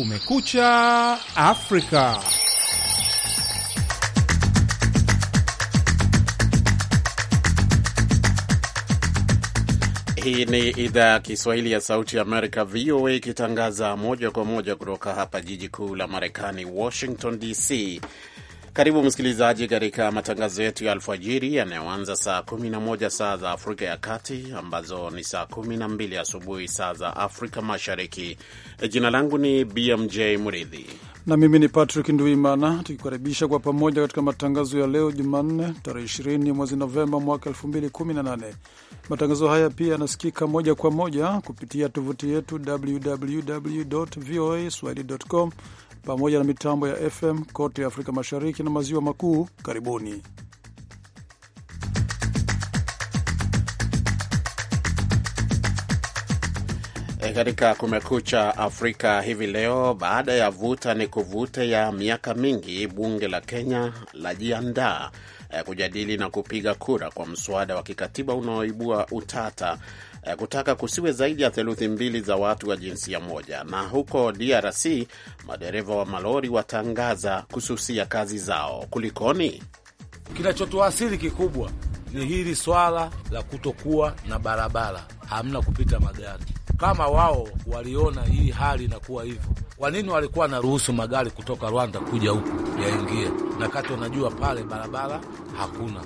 Kumekucha Afrika. Hii ni idhaa ya Kiswahili ya Sauti ya Amerika, VOA, ikitangaza moja kwa moja kutoka hapa jiji kuu la Marekani, Washington DC. Karibu msikilizaji, katika matangazo yetu ya alfajiri yanayoanza saa 11 saa za Afrika ya Kati, ambazo ni saa 12 asubuhi saa za Afrika Mashariki. E, jina langu ni BMJ Muridhi na mimi ni Patrick Nduimana, tukikaribisha kwa pamoja katika matangazo ya leo Jumanne tarehe 20 mwezi Novemba mwaka 2018. Matangazo haya pia yanasikika moja kwa moja kupitia tovuti yetu www voa swahili com pamoja na mitambo ya FM kote Afrika Mashariki na Maziwa Makuu. Karibuni. E, katika Kumekucha Afrika hivi leo, baada ya vuta ni kuvute ya miaka mingi, bunge la Kenya lajiandaa e, kujadili na kupiga kura kwa mswada wa kikatiba unaoibua utata Eh, kutaka kusiwe zaidi ya theluthi mbili za watu wa jinsia moja. Na huko DRC madereva wa malori watangaza kususia kazi zao. Kulikoni? Kinachotuasiri kikubwa ni hili swala la kutokuwa na barabara, hamna kupita magari. Kama wao waliona hii hali inakuwa hivyo, kwa nini walikuwa wanaruhusu magari kutoka Rwanda kuja huku yaingie, na kati wanajua pale barabara hakuna?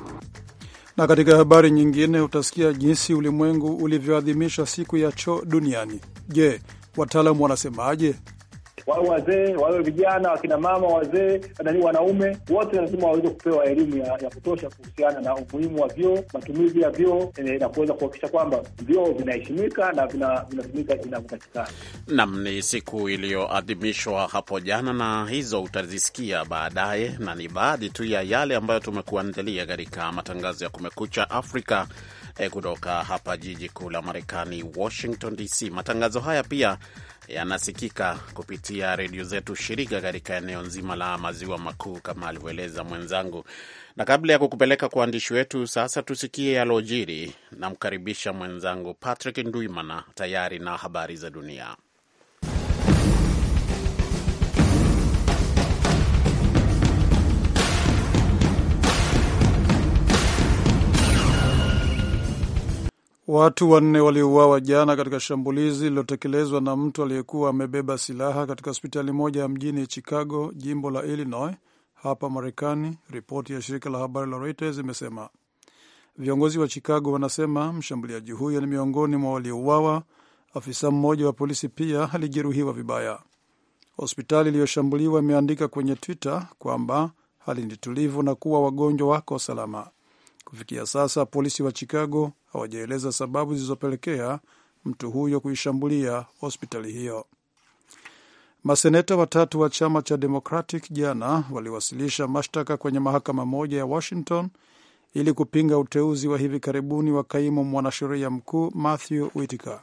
Na katika habari nyingine utasikia jinsi ulimwengu ulivyoadhimisha siku ya choo duniani. Je, wataalamu wanasemaje? wawe wazee, wawe vijana, wakina mama, wazee, wanaume, wote lazima waweze kupewa elimu ya, ya kutosha kuhusiana na umuhimu wa vyoo, matumizi ya vyoo eh, na kuweza kuhakikisha kwamba vyoo vinaheshimika na vinatumika vinavyopatikana. nam ni siku iliyoadhimishwa hapo jana, na hizo utazisikia baadaye, na ni baadhi tu ya yale ambayo tumekuandalia katika matangazo ya Kumekucha Afrika eh, kutoka hapa jiji kuu la Marekani, Washington DC. Matangazo haya pia yanasikika kupitia redio zetu shirika katika eneo nzima la maziwa makuu, kama alivyoeleza mwenzangu. Na kabla ya kukupeleka kwa waandishi wetu, sasa tusikie yalojiri. Namkaribisha mwenzangu Patrick Ndwimana tayari na habari za dunia. Watu wanne waliouawa jana katika shambulizi lililotekelezwa na mtu aliyekuwa amebeba silaha katika hospitali moja ya mjini Chicago, jimbo la Illinois, hapa Marekani. Ripoti ya shirika la habari la Reuters imesema viongozi wa Chicago wanasema mshambuliaji huyo ni miongoni mwa waliouawa. Afisa mmoja wa polisi pia alijeruhiwa vibaya. Hospitali iliyoshambuliwa imeandika kwenye Twitter kwamba hali ni tulivu na kuwa wagonjwa wako salama. Kufikia sasa polisi wa Chicago hawajaeleza sababu zilizopelekea mtu huyo kuishambulia hospitali hiyo. Maseneta watatu wa chama cha Democratic jana waliwasilisha mashtaka kwenye mahakama moja ya Washington ili kupinga uteuzi wa hivi karibuni wa kaimu mwanasheria mkuu Matthew Whitaker.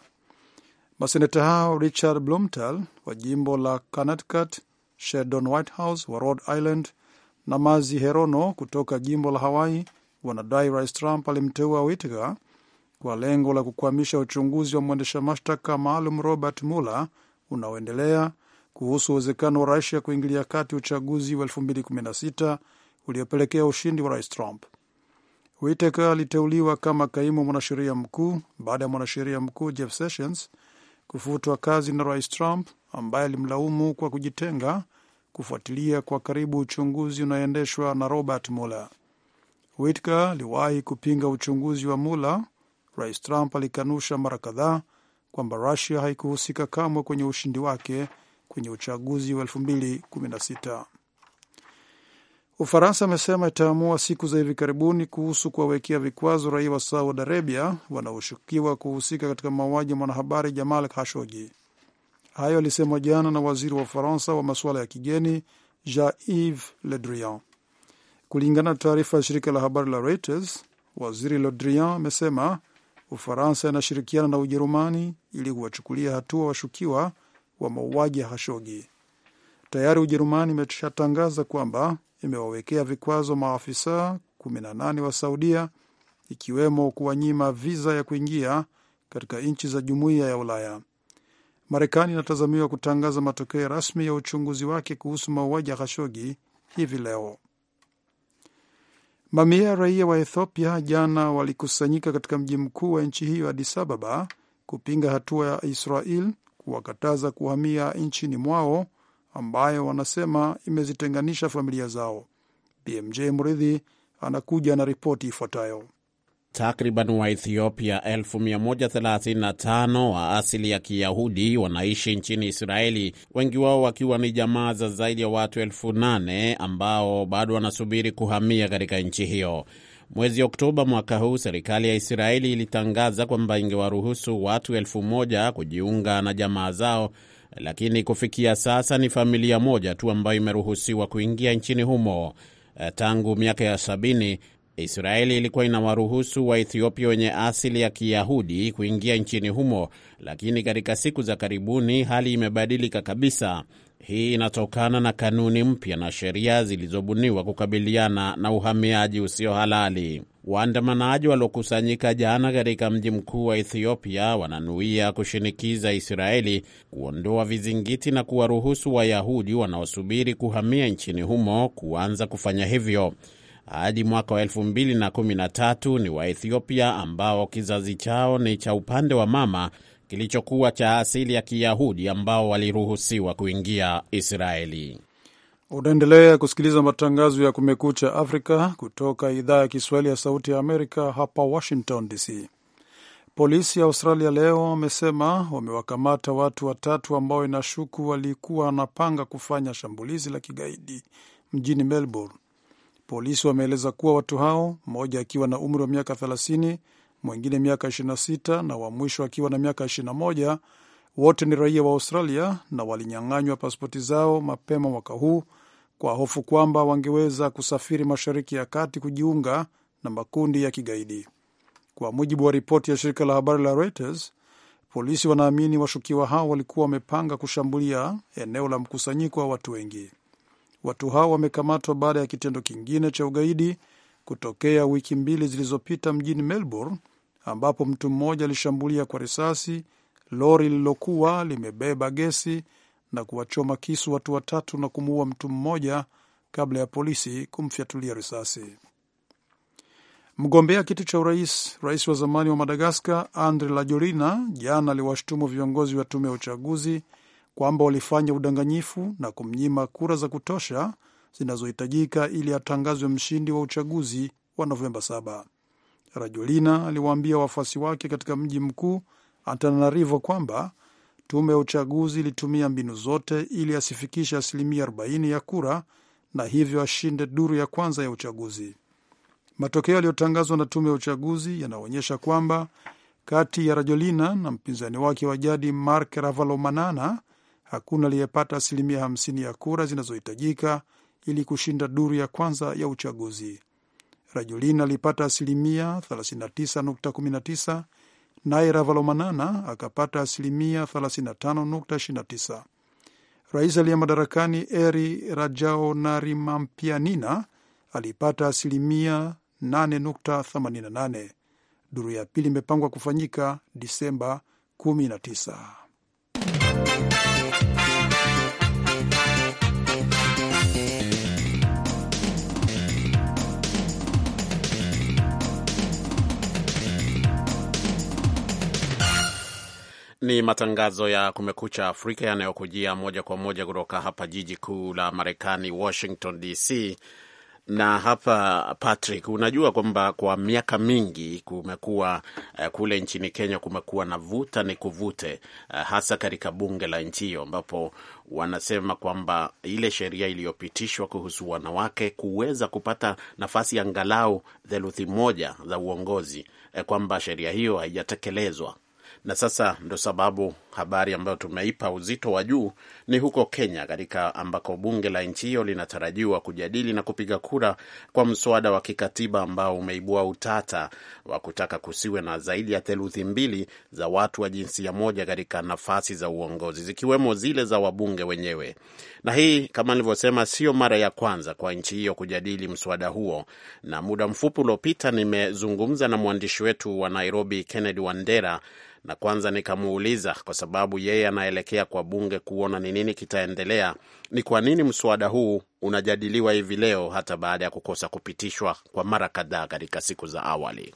Maseneta hao Richard Blomtal wa jimbo la Connecticut, Sheldon Whitehouse wa Rhode Island na Mazi Herono kutoka jimbo la Hawaii wanadai Rais Trump alimteua Whitaker kwa lengo la kukwamisha uchunguzi wa mwendesha mashtaka maalum Robert Mueller unaoendelea kuhusu uwezekano wa Rusia kuingilia kati uchaguzi wa 2016 uliopelekea ushindi wa Rais Trump. Whitaker aliteuliwa kama kaimu mwanasheria mkuu baada ya mwanasheria mkuu Jeff Sessions kufutwa kazi na Rais Trump ambaye alimlaumu kwa kujitenga kufuatilia kwa karibu uchunguzi unaoendeshwa na Robert Mueller. Whitaker aliwahi kupinga uchunguzi wa mula Rais Trump alikanusha mara kadhaa kwamba Rusia haikuhusika kamwe kwenye ushindi wake kwenye uchaguzi wa 2016. Ufaransa amesema itaamua siku za hivi karibuni kuhusu kuwawekea vikwazo raia wa Saudi Arabia wanaoshukiwa kuhusika katika mauaji ya mwanahabari Jamal Khashoggi. Hayo alisemwa jana na waziri wa Ufaransa wa masuala ya kigeni Jean Yves Le Drian. Kulingana na taarifa ya shirika la habari la Reuters, waziri Le Drian amesema Ufaransa inashirikiana na Ujerumani ili kuwachukulia hatua washukiwa wa mauaji ya Hashogi. Tayari Ujerumani imeshatangaza kwamba imewawekea vikwazo maafisa 18 wa Saudia, ikiwemo kuwanyima viza ya kuingia katika nchi za jumuiya ya Ulaya. Marekani inatazamiwa kutangaza matokeo rasmi ya uchunguzi wake kuhusu mauaji ya hashogi hivi leo. Mamia ya raia wa Ethiopia jana walikusanyika katika mji mkuu wa nchi hiyo Addis Ababa kupinga hatua ya Israel kuwakataza kuhamia nchini mwao ambayo wanasema imezitenganisha familia zao. BMJ Mridhi anakuja na ripoti ifuatayo. Takriban Waethiopia 135 wa asili ya Kiyahudi wanaishi nchini Israeli, wengi wao wakiwa ni jamaa za zaidi ya watu elfu nane ambao bado wanasubiri kuhamia katika nchi hiyo. Mwezi Oktoba mwaka huu, serikali ya Israeli ilitangaza kwamba ingewaruhusu watu elfu moja kujiunga na jamaa zao, lakini kufikia sasa ni familia moja tu ambayo imeruhusiwa kuingia nchini humo. Eh, tangu miaka ya sabini Israeli ilikuwa inawaruhusu Waethiopia wenye asili ya Kiyahudi kuingia nchini humo, lakini katika siku za karibuni hali imebadilika kabisa. Hii inatokana na kanuni mpya na sheria zilizobuniwa kukabiliana na uhamiaji usio halali. Waandamanaji waliokusanyika jana katika mji mkuu wa Ethiopia wananuia kushinikiza Israeli kuondoa vizingiti na kuwaruhusu Wayahudi wanaosubiri kuhamia nchini humo kuanza kufanya hivyo hadi mwaka wa 2013 ni Waethiopia ambao kizazi chao ni cha upande wa mama kilichokuwa cha asili ya Kiyahudi ambao waliruhusiwa kuingia Israeli. Unaendelea kusikiliza matangazo ya Kumekucha Afrika kutoka idhaa ya Kiswahili ya Sauti ya Amerika, hapa Washington DC. Polisi ya Australia leo wamesema wamewakamata watu watatu ambao inashuku walikuwa wanapanga kufanya shambulizi la kigaidi mjini Melbourne. Polisi wameeleza kuwa watu hao, mmoja akiwa na umri wa miaka 30, mwingine miaka 26 na wa mwisho akiwa na miaka 21, wote ni raia wa Australia na walinyang'anywa pasipoti zao mapema mwaka huu kwa hofu kwamba wangeweza kusafiri Mashariki ya Kati kujiunga na makundi ya kigaidi. Kwa mujibu wa ripoti ya shirika la habari la Reuters, polisi wanaamini washukiwa hao walikuwa wamepanga kushambulia eneo la mkusanyiko wa watu wengi. Watu hao wamekamatwa baada ya kitendo kingine cha ugaidi kutokea wiki mbili zilizopita mjini Melbourne, ambapo mtu mmoja alishambulia kwa risasi lori lililokuwa limebeba gesi na kuwachoma kisu watu watatu na kumuua mtu mmoja kabla ya polisi kumfyatulia risasi. Mgombea kiti cha urais, rais wa zamani wa Madagaskar Andre Rajoelina jana aliwashutumu viongozi wa tume ya uchaguzi kwamba walifanya udanganyifu na kumnyima kura za kutosha zinazohitajika ili atangazwe mshindi wa uchaguzi wa Novemba 7. Rajolina aliwaambia wafuasi wake katika mji mkuu Antananarivo kwamba tume ya uchaguzi ilitumia mbinu zote ili asifikishe asilimia 40 ya kura na hivyo ashinde duru ya kwanza ya uchaguzi. Matokeo yaliyotangazwa na tume ya uchaguzi yanaonyesha kwamba kati ya Rajolina na mpinzani wake wa jadi Mark Ravalomanana hakuna aliyepata asilimia hamsini ya kura zinazohitajika ili kushinda duru ya kwanza ya uchaguzi. rajulin alipata asilimia 39.19 naye Ravalomanana akapata asilimia 35.29. Rais aliye madarakani Eri Rajaonarimampianina alipata asilimia 8.88. Duru ya pili imepangwa kufanyika Disemba 19. Ni matangazo ya Kumekucha Afrika yanayokujia moja kwa moja kutoka hapa jiji kuu la Marekani, Washington DC. Na hapa Patrick, unajua kwamba kwa miaka mingi kumekuwa uh, kule nchini Kenya kumekuwa na vuta ni kuvute uh, hasa katika bunge la nchi hiyo, ambapo wanasema kwamba ile sheria iliyopitishwa kuhusu wanawake kuweza kupata nafasi angalau theluthi moja za uongozi uh, kwamba sheria hiyo haijatekelezwa na sasa ndo sababu habari ambayo tumeipa uzito wa juu ni huko Kenya, katika ambako bunge la nchi hiyo linatarajiwa kujadili na kupiga kura kwa mswada wa kikatiba ambao umeibua utata wa kutaka kusiwe na zaidi ya theluthi mbili za watu wa jinsia moja katika nafasi za uongozi zikiwemo zile za wabunge wenyewe. Na hii kama nilivyosema, sio mara ya kwanza kwa nchi hiyo kujadili mswada huo, na muda mfupi uliopita nimezungumza na mwandishi wetu wa Nairobi Kennedy Wandera na kwanza nikamuuliza, kwa sababu yeye anaelekea kwa bunge kuona ni nini kitaendelea, ni kwa nini mswada huu unajadiliwa hivi leo hata baada ya kukosa kupitishwa kwa mara kadhaa katika siku za awali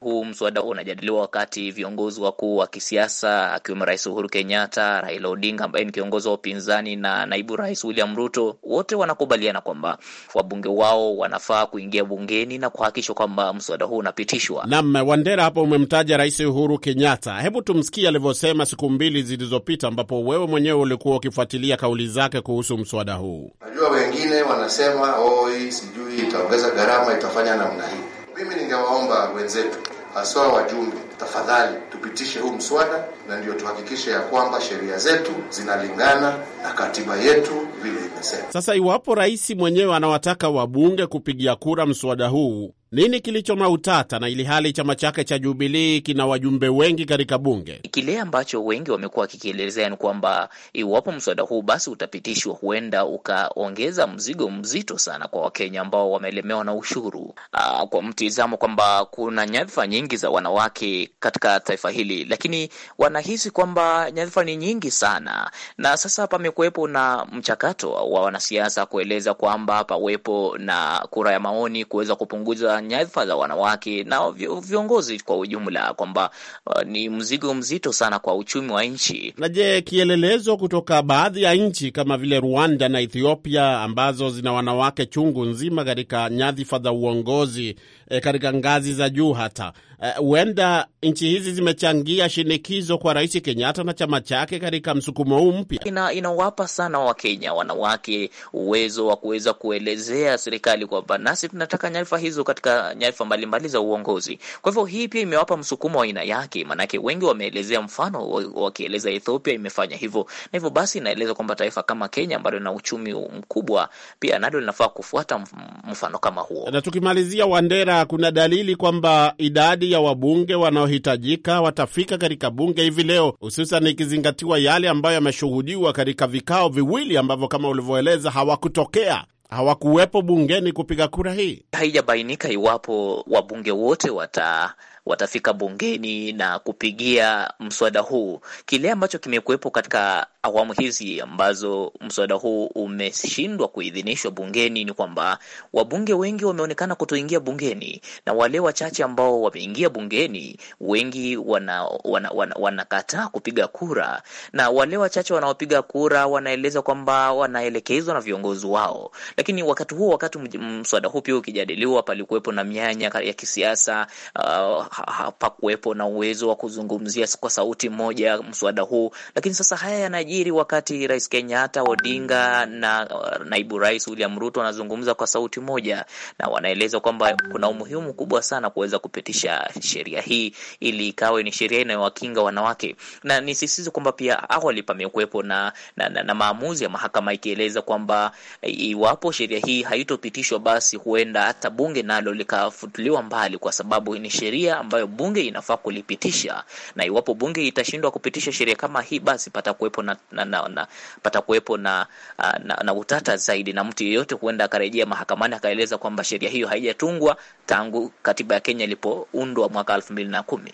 huu mswada huu unajadiliwa wakati viongozi wakuu wa kisiasa akiwemo Rais Uhuru Kenyatta, Raila Odinga ambaye ni kiongozi wa upinzani na naibu rais William Ruto, wote wanakubaliana kwamba wabunge wao wanafaa kuingia bungeni na kuhakikisha kwamba mswada huu unapitishwa. Naam, Wandera, hapo umemtaja Rais Uhuru Kenyatta. Hebu tumsikie alivyosema siku mbili zilizopita, ambapo wewe mwenyewe ulikuwa ukifuatilia kauli zake kuhusu mswada huu. Najua wengine wanasema oi, sijui itaongeza gharama, itafanya namna hii mimi ningewaomba wenzetu haswa wajumbe, tafadhali tupitishe huu mswada, na ndio tuhakikishe ya kwamba sheria zetu zinalingana na katiba yetu vile imesema. Sasa iwapo rais mwenyewe anawataka wabunge kupigia kura mswada huu, nini kilicho utata na ili hali chama chake cha Jubilii kina wajumbe wengi katika bunge? Kile ambacho wengi wamekuwa wakikielezea ni kwamba iwapo mswada huu basi utapitishwa, huenda ukaongeza mzigo mzito sana kwa Wakenya ambao wamelemewa na ushuru. Aa, ah, kwa mtizamo kwamba kuna nyadhifa nyingi za wanawake katika taifa hili, lakini wanahisi kwamba nyadhifa ni nyingi sana, na sasa pamekuwepo na mchakato wa wanasiasa kueleza kwamba pawepo na kura ya maoni kuweza kupunguza nyadhifa za wanawake na viongozi kwa ujumla, kwamba uh, ni mzigo mzito sana kwa uchumi wa nchi. Na je, kielelezo kutoka baadhi ya nchi kama vile Rwanda na Ethiopia ambazo zina wanawake chungu nzima katika nyadhifa za uongozi e, katika ngazi za juu hata e, huenda e, nchi hizi zimechangia shinikizo kwa Rais Kenyatta na chama chake katika msukumo huu mpya. Ina, inawapa sana Wakenya wanawake uwezo wa kuweza kuelezea serikali kwamba nasi tunataka nyarifa hizo katika nyarifa mbalimbali za uongozi. Kwa hivyo hii pia imewapa msukumo wa aina yake, maanake wengi wameelezea mfano wakieleza Ethiopia imefanya hivyo, na hivyo basi inaeleza kwamba taifa kama Kenya ambalo lina uchumi mkubwa pia nalo linafaa kufuata mfano kama huo. Na tukimalizia Wandera kuna dalili kwamba idadi ya wabunge wanaohitajika watafika katika bunge hivi leo, hususan ikizingatiwa yale ambayo yameshuhudiwa katika vikao viwili ambavyo kama ulivyoeleza hawakutokea hawakuwepo bungeni kupiga kura hii. Haijabainika iwapo wabunge wote wata watafika bungeni na kupigia mswada huu. Kile ambacho kimekuwepo katika awamu hizi ambazo mswada huu umeshindwa kuidhinishwa bungeni ni kwamba wabunge wengi wameonekana kutoingia bungeni, na wale wachache ambao wameingia bungeni, wengi wanakataa wana, wana, wana kupiga kura, na wale wachache wanaopiga kura wanaeleza kwamba wanaelekezwa na viongozi wao. Lakini wakati huo, wakati mswada huu pia ukijadiliwa, palikuwepo na mianya ya kisiasa uh, hapakuwepo na uwezo wa kuzungumzia kwa sauti moja mswada huu, lakini sasa haya yanajiri wakati Rais Kenyatta, Odinga na uh, naibu rais William Ruto wanazungumza kwa sauti moja, na wanaeleza kwamba kuna umuhimu mkubwa sana kuweza kupitisha sheria hii ili ikawe ni sheria inayowakinga wanawake, na nisisitize kwamba pia awali pamekuwepo na, na, na, na maamuzi ya mahakama ikieleza kwamba iwapo sheria hii haitopitishwa, basi huenda hata bunge nalo likafutuliwa mbali kwa sababu ni sheria ambayo bunge inafaa kulipitisha, na iwapo bunge itashindwa kupitisha sheria kama hii, basi patakuwepo na, na, na, na, patakuwepo na, ah, na, na utata zaidi, na mtu yeyote huenda akarejea mahakamani akaeleza kwamba sheria hiyo haijatungwa tangu katiba ya Kenya ilipoundwa mwaka elfu mbili na kumi.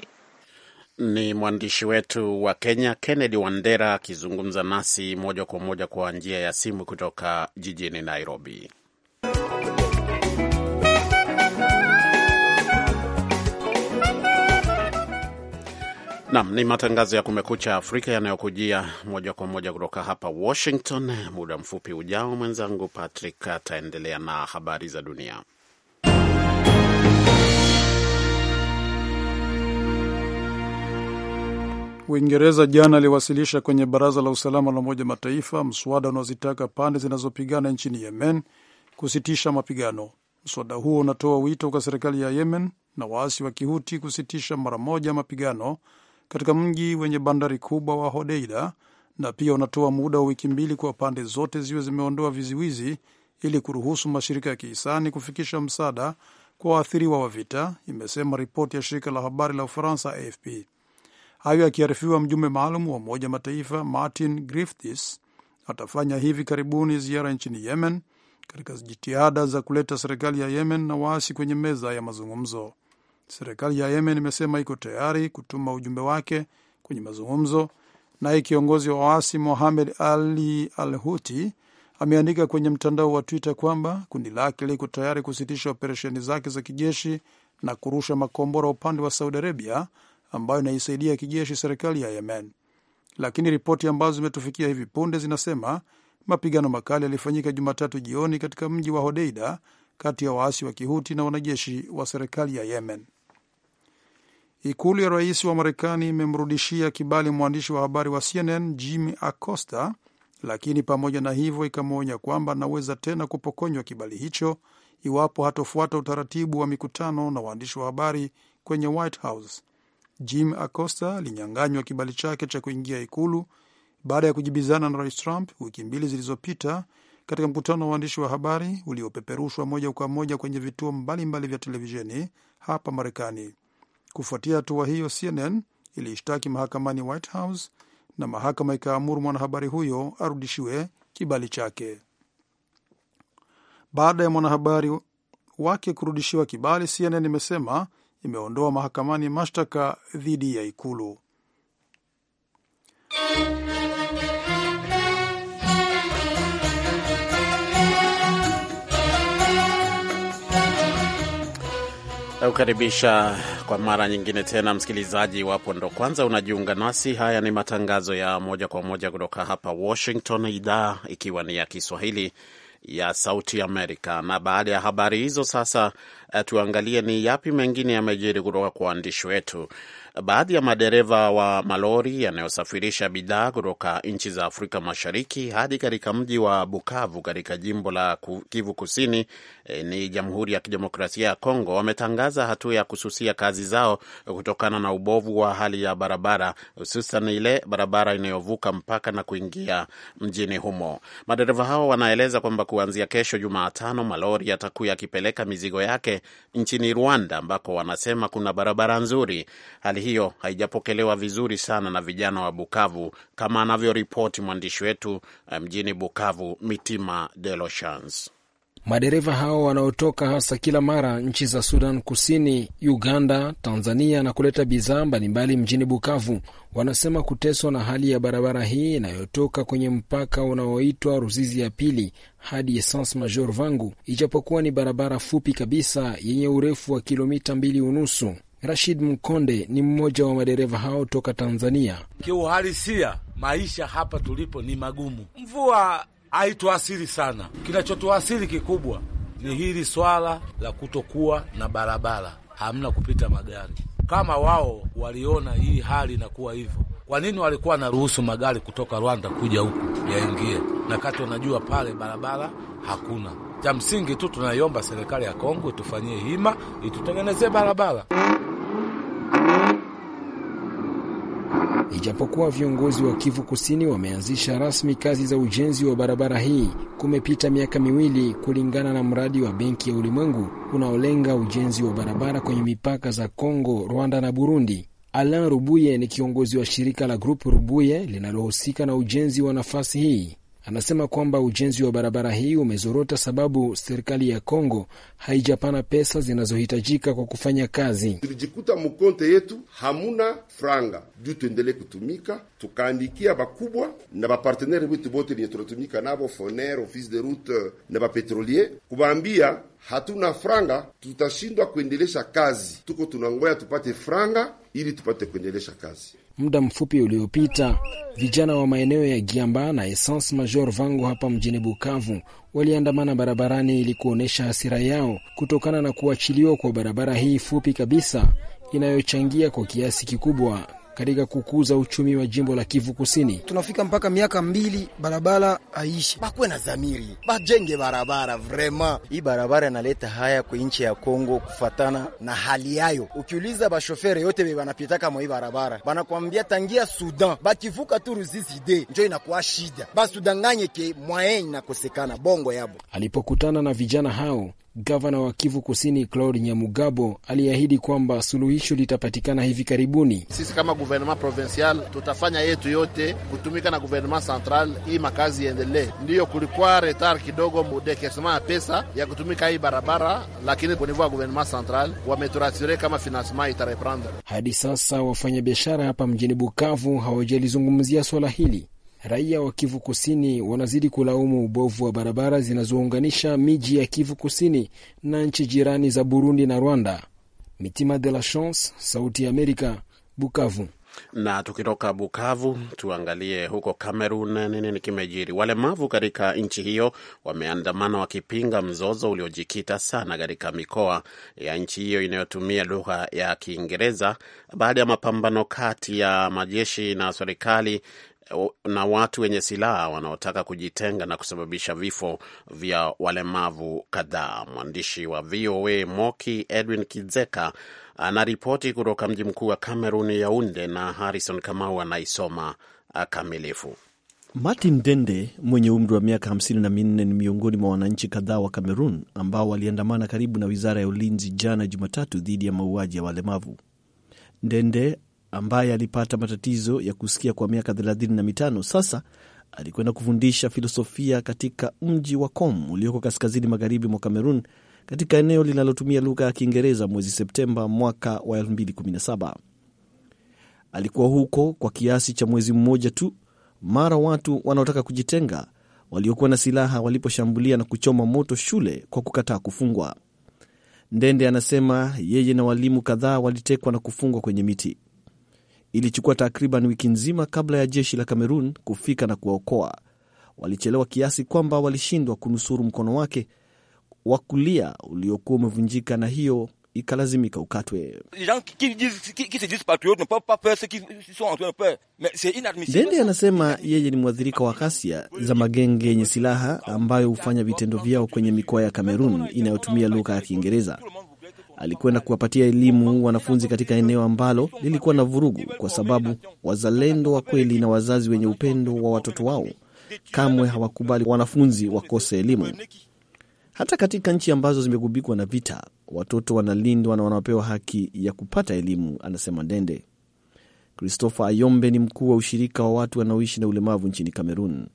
Ni mwandishi wetu wa Kenya Kennedy Wandera akizungumza nasi moja kwa moja kwa njia ya simu kutoka jijini Nairobi. Nam ni matangazo ya Kumekucha Afrika yanayokujia moja kwa moja kutoka hapa Washington. Muda mfupi ujao, mwenzangu Patrick ataendelea na habari za dunia. Uingereza jana aliwasilisha kwenye Baraza la Usalama la Umoja Mataifa mswada unaozitaka pande zinazopigana nchini Yemen kusitisha mapigano. Mswada huo unatoa wito kwa serikali ya Yemen na waasi wa Kihuti kusitisha mara moja mapigano katika mji wenye bandari kubwa wa Hodeida na pia unatoa muda wa wiki mbili kwa pande zote ziwe zimeondoa viziwizi ili kuruhusu mashirika ya kihisani kufikisha msaada kwa waathiriwa wa vita, imesema ripoti ya shirika la habari la Ufaransa AFP. Hayo akiarifiwa, mjumbe maalum wa Umoja Mataifa Martin Griffiths atafanya hivi karibuni ziara nchini Yemen katika jitihada za kuleta serikali ya Yemen na waasi kwenye meza ya mazungumzo. Serikali ya Yemen imesema iko tayari kutuma ujumbe wake kwenye mazungumzo. Naye kiongozi wa waasi Mohamed Ali Al Huti ameandika kwenye mtandao wa Twitter kwamba kundi lake liko tayari kusitisha operesheni zake za kijeshi na kurusha makombora upande wa Saudi Arabia ambayo inaisaidia kijeshi serikali ya Yemen. Lakini ripoti ambazo zimetufikia hivi punde zinasema mapigano makali yalifanyika Jumatatu jioni katika mji wa Hodeida kati ya waasi wa Kihuti na wanajeshi wa serikali ya Yemen. Ikulu ya rais wa Marekani imemrudishia kibali mwandishi wa habari wa CNN Jimmy Acosta, lakini pamoja na hivyo ikamwonya kwamba anaweza tena kupokonywa kibali hicho iwapo hatofuata utaratibu wa mikutano na waandishi wa habari kwenye White House. Jim Acosta alinyang'anywa kibali chake cha kuingia ikulu baada ya kujibizana na rais Trump wiki mbili zilizopita katika mkutano wa waandishi wa habari uliopeperushwa moja kwa moja kwenye vituo mbalimbali mbali vya televisheni hapa Marekani. Kufuatia hatua hiyo, CNN iliishtaki mahakamani White House na mahakama ikaamuru mwanahabari huyo arudishiwe kibali chake. Baada ya mwanahabari wake kurudishiwa kibali, CNN imesema imeondoa mahakamani mashtaka dhidi ya ikulu. Ukaribisha kwa mara nyingine tena, msikilizaji, iwapo ndo kwanza unajiunga nasi, haya ni matangazo ya moja kwa moja kutoka hapa Washington, idhaa ikiwa ni ya Kiswahili ya Sauti Amerika. Na baada ya habari hizo, sasa eh, tuangalie ni yapi mengine yamejiri kutoka kwa waandishi wetu. Baadhi ya madereva wa malori yanayosafirisha bidhaa kutoka nchi za Afrika Mashariki hadi katika mji wa Bukavu katika jimbo la Kivu Kusini e, ni Jamhuri ya Kidemokrasia ya Kongo wametangaza hatua ya kususia kazi zao kutokana na ubovu wa hali ya barabara, hususan ile barabara inayovuka mpaka na kuingia mjini humo. Madereva hao wanaeleza kwamba kuanzia kesho Jumatano malori yatakuwa yakipeleka mizigo yake nchini Rwanda ambako wanasema kuna barabara nzuri hali hiyo haijapokelewa vizuri sana na vijana wa Bukavu kama anavyoripoti mwandishi wetu eh, mjini Bukavu, Mitima de Lochans. Madereva hao wanaotoka hasa kila mara nchi za Sudan Kusini, Uganda, Tanzania na kuleta bidhaa mbalimbali mjini Bukavu wanasema kuteswa na hali ya barabara hii inayotoka kwenye mpaka unaoitwa Ruzizi ya pili hadi Essence Major Vangu, ijapokuwa ni barabara fupi kabisa yenye urefu wa kilomita mbili unusu. Rashid Mkonde ni mmoja wa madereva hao toka Tanzania. Kiuhalisia, maisha hapa tulipo ni magumu. Mvua haituasiri sana, kinachotuasiri kikubwa ni hili swala la kutokuwa na barabara, hamna kupita magari. Kama wao waliona hii hali inakuwa hivyo, kwa nini walikuwa wanaruhusu magari kutoka Rwanda kuja huku yaingie, na kati wanajua pale barabara hakuna? Cha msingi tu tunaiomba serikali ya Kongo itufanyie hima, itutengenezee barabara. Ijapokuwa viongozi wa Kivu Kusini wameanzisha rasmi kazi za ujenzi wa barabara hii, kumepita miaka miwili kulingana na mradi wa Benki ya Ulimwengu unaolenga ujenzi wa barabara kwenye mipaka za Kongo, Rwanda na Burundi. Alain Rubuye ni kiongozi wa shirika la Grupu Rubuye linalohusika na ujenzi wa nafasi hii. Anasema kwamba ujenzi wa barabara hii umezorota sababu serikali ya Kongo haijapana pesa zinazohitajika kwa kufanya kazi. Tulijikuta mukonte yetu hamuna franga juu tuendelee kutumika, tukaandikia bakubwa na baparteneri wetu bote venye tunatumika navo, Foner, Office de Route na bapetrolier, kubaambia hatuna franga, tutashindwa kuendelesha kazi. Tuko tunangoya tupate franga ili tupate kuendelesha kazi. Muda mfupi uliopita vijana wa maeneo ya Giamba na Essence Major Vango hapa mjini Bukavu waliandamana barabarani ili kuonyesha hasira yao kutokana na kuachiliwa kwa barabara hii fupi kabisa inayochangia kwa kiasi kikubwa katika kukuza uchumi wa jimbo la Kivu Kusini. Tunafika mpaka miaka mbili barabara aishi, bakuwe na zamiri bajenge barabara vrema. Hii barabara inaleta haya kwa nchi ya Kongo kufatana na hali yayo. Ukiuliza bashofere yote be mwa hii barabara banakwambia tangia Sudan bakivuka tu Ruzizi de njo inakuwa shida, basudanganyeke mwaye inakosekana bongo yabo. Alipokutana na vijana hao Gavana wa Kivu Kusini Claude Nyamugabo aliahidi kwamba suluhisho litapatikana hivi karibuni. Sisi kama guvernement provincial tutafanya yetu yote kutumika na guvernement central, hii makazi iendelee. Ndiyo kulikuwa retar kidogo mudekesema ya pesa ya kutumika hii barabara, lakini kwa nivua ya central wameturasure kama financement itareprendre. Hadi sasa wafanyabiashara hapa mjini Bukavu hawajalizungumzia swala hili Raia wa Kivu Kusini wanazidi kulaumu ubovu wa barabara zinazounganisha miji ya Kivu Kusini na nchi jirani za Burundi na Rwanda. Mitima de la Chance, Sauti ya Amerika, Bukavu. Na tukitoka Bukavu tuangalie huko Kamerun, nini ni kimejiri. Walemavu katika nchi hiyo wameandamana wakipinga mzozo uliojikita sana katika mikoa ya nchi hiyo inayotumia lugha ya Kiingereza baada ya mapambano kati ya majeshi na serikali na watu wenye silaha wanaotaka kujitenga na kusababisha vifo vya walemavu kadhaa. Mwandishi wa VOA Moki Edwin Kizeka anaripoti kutoka mji mkuu wa Kamerun, Yaunde, na Harrison Kamau anaisoma uh, kamilifu. Martin Dende mwenye umri wa miaka 54 ni miongoni mwa wananchi kadhaa wa Kamerun ambao waliandamana karibu na wizara ya ulinzi jana Jumatatu dhidi ya mauaji ya walemavu. Ndende ambaye alipata matatizo ya kusikia kwa miaka 35 sasa alikwenda kufundisha filosofia katika mji wa Kom ulioko kaskazini magharibi mwa Kamerun katika eneo linalotumia lugha ya Kiingereza mwezi Septemba mwaka wa 2017. Alikuwa huko kwa kiasi cha mwezi mmoja tu mara watu wanaotaka kujitenga waliokuwa na silaha waliposhambulia na kuchoma moto shule kwa kukataa kufungwa. Ndende anasema yeye na walimu kadhaa walitekwa na kufungwa kwenye miti. Ilichukua takriban wiki nzima kabla ya jeshi la Kamerun kufika na kuwaokoa. Walichelewa kiasi kwamba walishindwa kunusuru mkono wake wa kulia uliokuwa umevunjika, na hiyo ikalazimika ukatwe. Dende anasema yeye ni mwathirika wa ghasia za magenge yenye silaha ambayo hufanya vitendo vyao kwenye mikoa ya Kamerun inayotumia lugha ya Kiingereza alikwenda kuwapatia elimu wanafunzi katika eneo ambalo lilikuwa na vurugu, kwa sababu wazalendo wa kweli na wazazi wenye upendo wa watoto wao kamwe hawakubali wanafunzi wakose elimu. Hata katika nchi ambazo zimegubikwa na vita, watoto wanalindwa na wanapewa haki ya kupata elimu, anasema ndende Christopher Ayombe ni mkuu wa ushirika wa watu wanaoishi na ulemavu nchini Kamerun.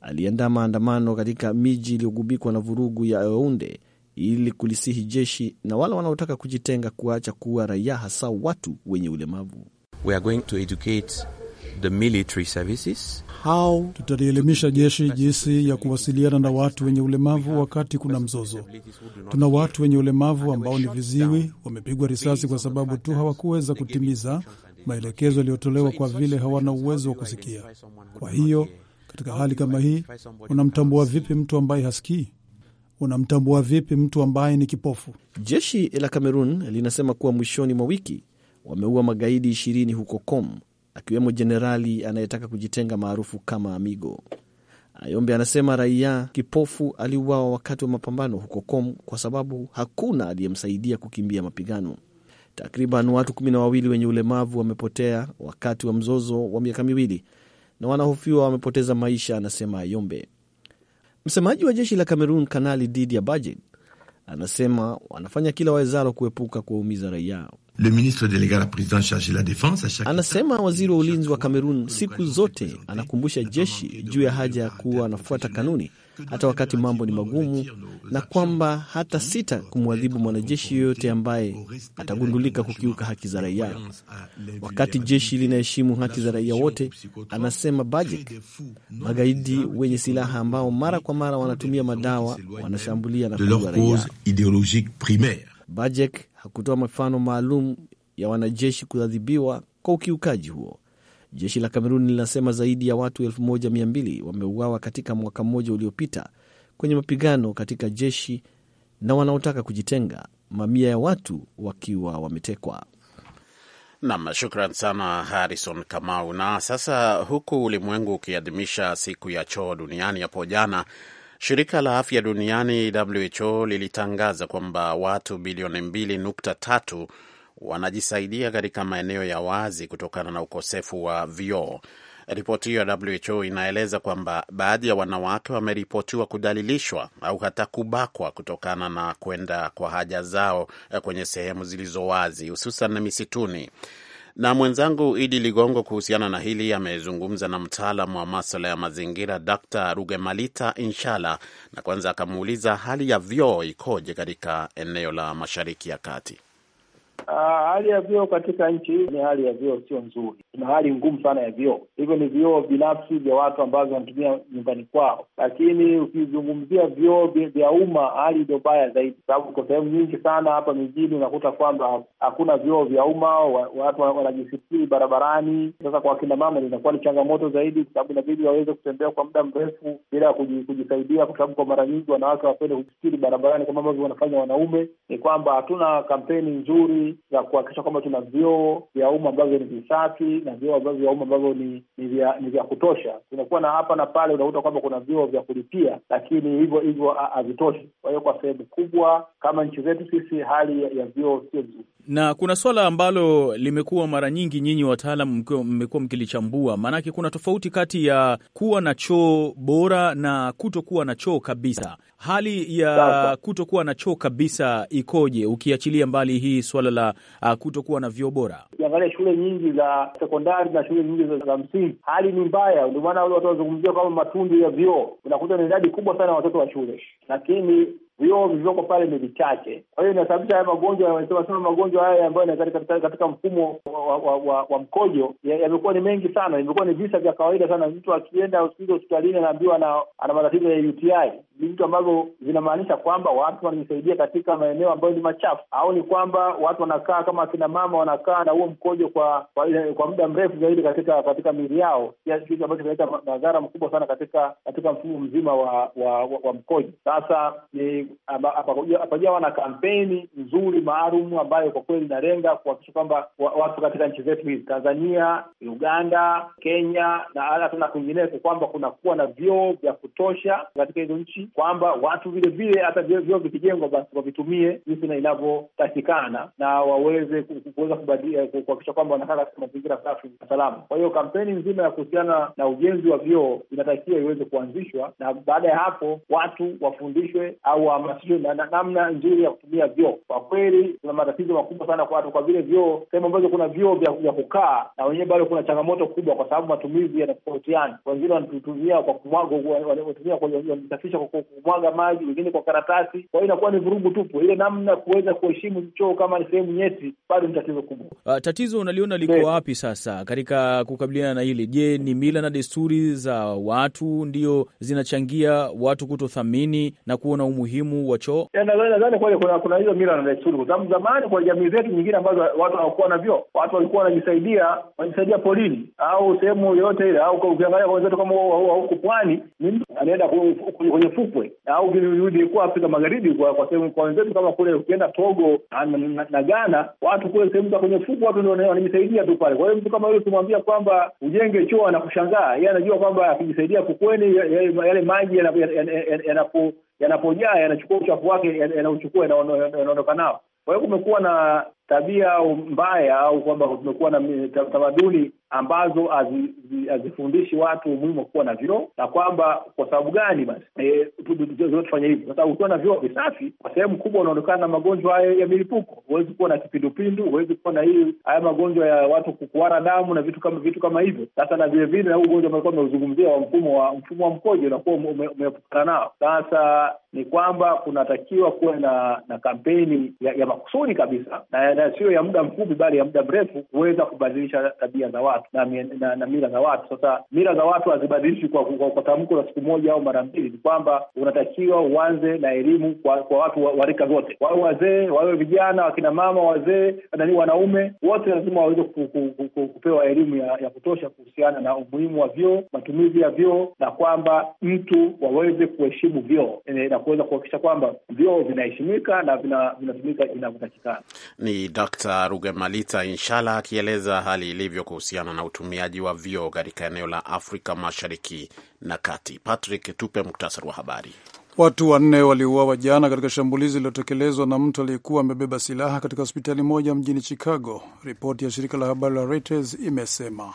Aliandaa maandamano katika miji iliyogubikwa na vurugu ya Yaounde ili kulisihi jeshi na wale wanaotaka kujitenga kuacha kuua raia, hasa watu wenye ulemavu. We are going to educate the military services how... tutalielimisha jeshi jinsi ya kuwasiliana na watu wenye ulemavu wakati kuna mzozo. Tuna watu wenye ulemavu ambao ni viziwi, wamepigwa risasi kwa sababu tu hawakuweza kutimiza maelekezo yaliyotolewa kwa vile hawana uwezo wa kusikia. Kwa hiyo katika hali kama hii, unamtambua vipi mtu ambaye hasikii? unamtambua vipi mtu ambaye ni kipofu? Jeshi la Kamerun linasema kuwa mwishoni mwa wiki wameua magaidi ishirini huko Kom, akiwemo jenerali anayetaka kujitenga maarufu kama Amigo. Ayombe anasema raia kipofu aliuawa wakati wa mapambano huko Kom kwa sababu hakuna aliyemsaidia kukimbia mapigano. Takriban watu kumi na wawili wenye ulemavu wamepotea wakati wa mzozo wa miaka miwili na wanahofiwa wamepoteza maisha, anasema Ayombe. Msemaji wa jeshi la Cameroon Kanali ya Badji anasema wanafanya kila wawezalo kuepuka kuwaumiza raia. Le ministre delegat la charge la defense Anasema waziri wa ulinzi wa cameron siku zote anakumbusha jeshi juu ya haja ya kuwa anafuata kanuni hata wakati mambo ni magumu, na kwamba hata sita kumwadhibu mwanajeshi yoyote ambaye atagundulika kukiuka haki za raia, wakati jeshi linaheshimu haki za raia wote, anasema bajek Magaidi wenye silaha ambao mara kwa mara wanatumia madawa wanashambulia na kuua raia. hakutoa mifano maalum ya wanajeshi kuadhibiwa kwa ukiukaji huo. Jeshi la Kameruni linasema zaidi ya watu 1200 wameuawa katika mwaka mmoja uliopita kwenye mapigano katika jeshi na wanaotaka kujitenga, mamia ya watu wakiwa wametekwa. Nam, shukran sana Harrison Kamau. Na sasa huku ulimwengu ukiadhimisha siku ya choo duniani hapo jana, shirika la afya duniani WHO lilitangaza kwamba watu bilioni 2.3 wanajisaidia katika maeneo ya wazi kutokana na ukosefu wa vyoo. Ripoti hiyo ya WHO inaeleza kwamba baadhi ya wanawake wameripotiwa kudhalilishwa au hata kubakwa kutokana na kwenda kwa haja zao eh, kwenye sehemu zilizo wazi, hususan na misituni. Na mwenzangu Idi Ligongo kuhusiana na hili amezungumza na mtaalamu wa maswala ya mazingira Dr Rugemalita Inshala, na kwanza akamuuliza hali ya vyoo ikoje katika eneo la Mashariki ya Kati. Ah, hali ya vyoo katika nchi hii ni hali ya vyoo sio nzuri, kuna hali ngumu sana ya vyoo. Hivyo ni vyoo binafsi vya watu ambavyo wanatumia nyumbani kwao, lakini ukizungumzia vyoo vya umma, hali ndio baya zaidi, sababu kwa sehemu nyingi sana hapa mijini unakuta kwamba hakuna vyoo vya umma, watu wanajisitiri barabarani. Sasa kwa wakina mama inakuwa ni changamoto zaidi, kwa sababu inabidi waweze kutembea kwa muda mrefu bila ya kujisaidia, kwa sababu kwa mara nyingi wanawake wapende kujisitiri barabarani kama ambavyo wanafanya wanaume. Ni kwamba hatuna kampeni nzuri za kuhakikisha kwamba tuna vyoo vya umma ambavyo ni visafi na vyoo ambavyo vya umma ambavyo ni ni vya kutosha. Kunakuwa na hapa na pale, unakuta kwamba kuna vyoo vya kulipia, lakini hivyo hivyo havitoshi. Kwa hiyo kwa sehemu kubwa kama nchi zetu sisi, hali ya, ya vyoo sio vizuri, na kuna swala ambalo limekuwa mara nyingi nyinyi wataalam mmekuwa mkilichambua, maanake kuna tofauti kati ya kuwa na choo bora na kutokuwa na choo kabisa. Hali ya kutokuwa na choo kabisa ikoje, ukiachilia mbali hii swala la ya uh, ah, kutokuwa na vyoo bora. Ukiangalia shule nyingi za sekondari na shule nyingi za msingi, hali ni mbaya. Ndio maana wale watu wanazungumzia kama matundu ya vyoo, unakuta ni idadi kubwa sana ya watoto wa shule, lakini vioo vilivyoko pale ni vichache. Kwa hiyo inasababisha haya magonjwa wanasema magonjwa haya ambayo katika, katika mfumo wa, wa, wa, wa mkojo yamekuwa ya ni mengi sana, imekuwa ni visa vya kawaida sana. Mtu akienda hospitali hospitalini anaambiwa ana, ana matatizo ya UTI. Ni vitu ambavyo vinamaanisha kwamba watu wanajisaidia katika maeneo ambayo ni machafu, au ni kwamba watu wanakaa kama akina mama wanakaa na huo mkojo kwa kwa, kwa muda mrefu zaidi katika katika miili yao, kiasi hicho ambacho kinaleta madhara makubwa sana katika katika mfumo mzima wa, wa, wa, wa mkojo. Sasa ni hapajawa na kampeni nzuri maalum ambayo kwa kweli inalenga kuhakikisha kwamba watu katika nchi zetu hizi Tanzania, Uganda, Kenya na hata na kwingineko kwamba kunakuwa na vyoo vya kutosha katika hizo nchi, kwamba watu vilevile hata vyoo vikijengwa, basi wavitumie jinsi inavyotakikana na waweze kuweza eh, kuhakikisha kwamba wanakaa katika mazingira safi na salama. Kwa hiyo kampeni nzima ya kuhusiana na ujenzi wa vyoo inatakiwa iweze kuanzishwa, na baada ya hapo watu wafundishwe au kwamba sijui na namna nzuri ya kutumia vyoo. Kwa kweli kuna matatizo makubwa sana kwa watu, kwa vile vyoo, sehemu ambazo kuna vyoo vya kukaa na wenyewe bado kuna changamoto kubwa, kwa sababu matumizi yanatofautiana. Wengine wanatumia kwa kumwaga, wanatumia wanasafisha kwa kumwaga maji, wengine kwa karatasi. Kwa hiyo inakuwa ni vurugu tupu. Ile namna kuweza kuheshimu choo kama ni sehemu nyeti, bado ni tatizo kubwa. Uh, tatizo unaliona liko wapi sasa katika kukabiliana na hili? Je, ni mila na desturi za watu ndio zinachangia watu kutothamini na kuona umuhimu walimu wa choo? Nadhani kweli kuna kuna hizo mila na desturi, kwa sababu zamani kwa jamii zetu nyingine ambazo watu hawakuwa na vyoo, watu walikuwa wanajisaidia wanajisaidia polini au sehemu yoyote ile, au ukiangalia kwa wenzetu kama huku pwani ni mtu anaenda kwenye fukwe au ilikuwa Afrika Magharibi kwa sehemu kwa wenzetu kama kule ukienda Togo na Ghana, watu kule sehemu za kwenye fukwe watu ndio wanajisaidia tu pale. Kwa hiyo mtu kama yule ukimwambia kwamba ujenge choo anakushangaa, yeye anajua kwamba akijisaidia fukweni yale maji yanapo yanapojaa yanachukua uchafu wake yanauchukua yanaondoka nao. Kwa hiyo kumekuwa na tabia mbaya au kwamba tumekuwa na tamaduni ambazo hazifundishi watu umuhimu wa kuwa na vyoo na kwamba kwa sababu gani basi tufanya hivyo. Sasa ukiwa na vyoo visafi, kwa sehemu kubwa unaonekana na magonjwa hayo ya milipuko. Huwezi kuwa na kipindupindu, huwezi kuwa na hii haya magonjwa ya watu kukuara damu na vitu kama vitu kama hivyo. Sasa na vilevile na huu ugonjwa ambao umeuzungumzia wa mfumo wa mfumo wa mkojo unakuwa umeepukana nao. Sasa ni kwamba kunatakiwa kuwe na na kampeni ya, ya makusudi kabisa na na siyo ya muda mfupi, bali ya muda mrefu, kuweza kubadilisha tabia za watu na, na, na mila za watu. Sasa mila za watu hazibadilishwi kwa, kwa, kwa tamko la siku moja au mara mbili. Ni kwamba unatakiwa uanze na elimu kwa, kwa watu wa rika zote, wawe wazee, wawe vijana, wakina mama, wazee nani, wanaume wote lazima waweze kupewa elimu ya, ya kutosha kuhusiana na umuhimu wa vyoo, matumizi ya vyoo, na kwamba mtu waweze kuheshimu vyoo eh, na kuweza kuhakikisha kwamba vyoo vinaheshimika na vinatumika inavyotakikana. Ni Dr Rugemalita Inshala akieleza hali ilivyo kuhusiana na utumiaji wa vyoo katika eneo la Afrika Mashariki na Kati. Patrick, tupe muktasari wa habari. Watu wanne waliuawa jana katika shambulizi lililotekelezwa na mtu aliyekuwa amebeba silaha katika hospitali moja mjini Chicago, ripoti ya shirika la habari la Reuters imesema.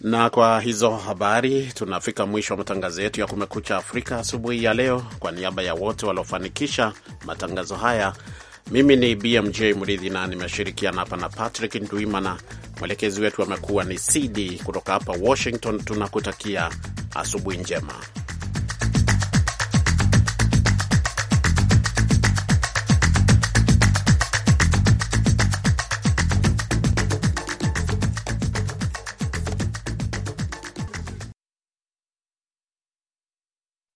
Na kwa hizo habari tunafika mwisho wa matangazo yetu ya Kumekucha Afrika asubuhi ya leo. Kwa niaba ya wote waliofanikisha matangazo haya mimi ni BMJ Mridhi na nimeshirikiana hapa na Patrick Ndwimana. Mwelekezi wetu amekuwa ni CD kutoka hapa Washington. Tunakutakia asubuhi njema.